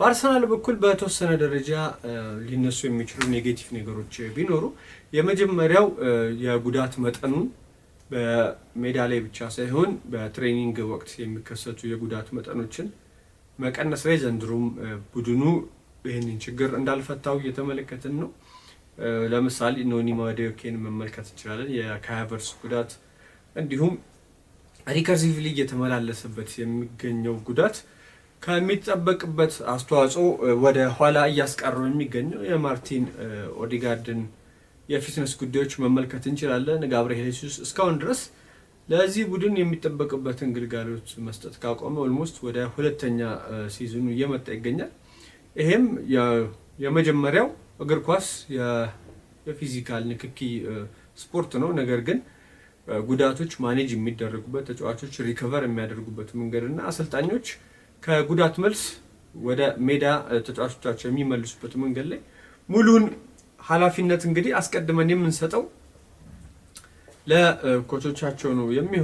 በአርሰናል በኩል በተወሰነ ደረጃ ሊነሱ የሚችሉ ኔጌቲቭ ነገሮች ቢኖሩ የመጀመሪያው የጉዳት መጠኑን በሜዳ ላይ ብቻ ሳይሆን በትሬኒንግ ወቅት የሚከሰቱ የጉዳት መጠኖችን መቀነስ ላይ ዘንድሮም ቡድኑ ይህንን ችግር እንዳልፈታው እየተመለከትን ነው። ለምሳሌ ኖኒ ማዱኬን መመልከት እንችላለን። የካያቨርስ ጉዳት እንዲሁም ሪከርሲቭሊ እየተመላለሰበት የሚገኘው ጉዳት ከሚጠበቅበት አስተዋጽኦ ወደ ኋላ እያስቀረው የሚገኘው የማርቲን ኦዲጋርድን የፊትነስ ጉዳዮች መመልከት እንችላለን። ጋብርኤል ሱስ እስካሁን ድረስ ለዚህ ቡድን የሚጠበቅበትን ግልጋሎት መስጠት ካቆመ ኦልሞስት ወደ ሁለተኛ ሲዝኑ እየመጣ ይገኛል። ይሄም የመጀመሪያው እግር ኳስ የፊዚካል ንክኪ ስፖርት ነው። ነገር ግን ጉዳቶች ማኔጅ የሚደረጉበት ተጫዋቾች ሪከቨር የሚያደርጉበት መንገድ እና አሰልጣኞች ከጉዳት መልስ ወደ ሜዳ ተጫዋቾቻቸው የሚመልሱበት መንገድ ላይ ሙሉን ኃላፊነት እንግዲህ አስቀድመን የምንሰጠው ለኮቾቻቸው ነው የሚሆ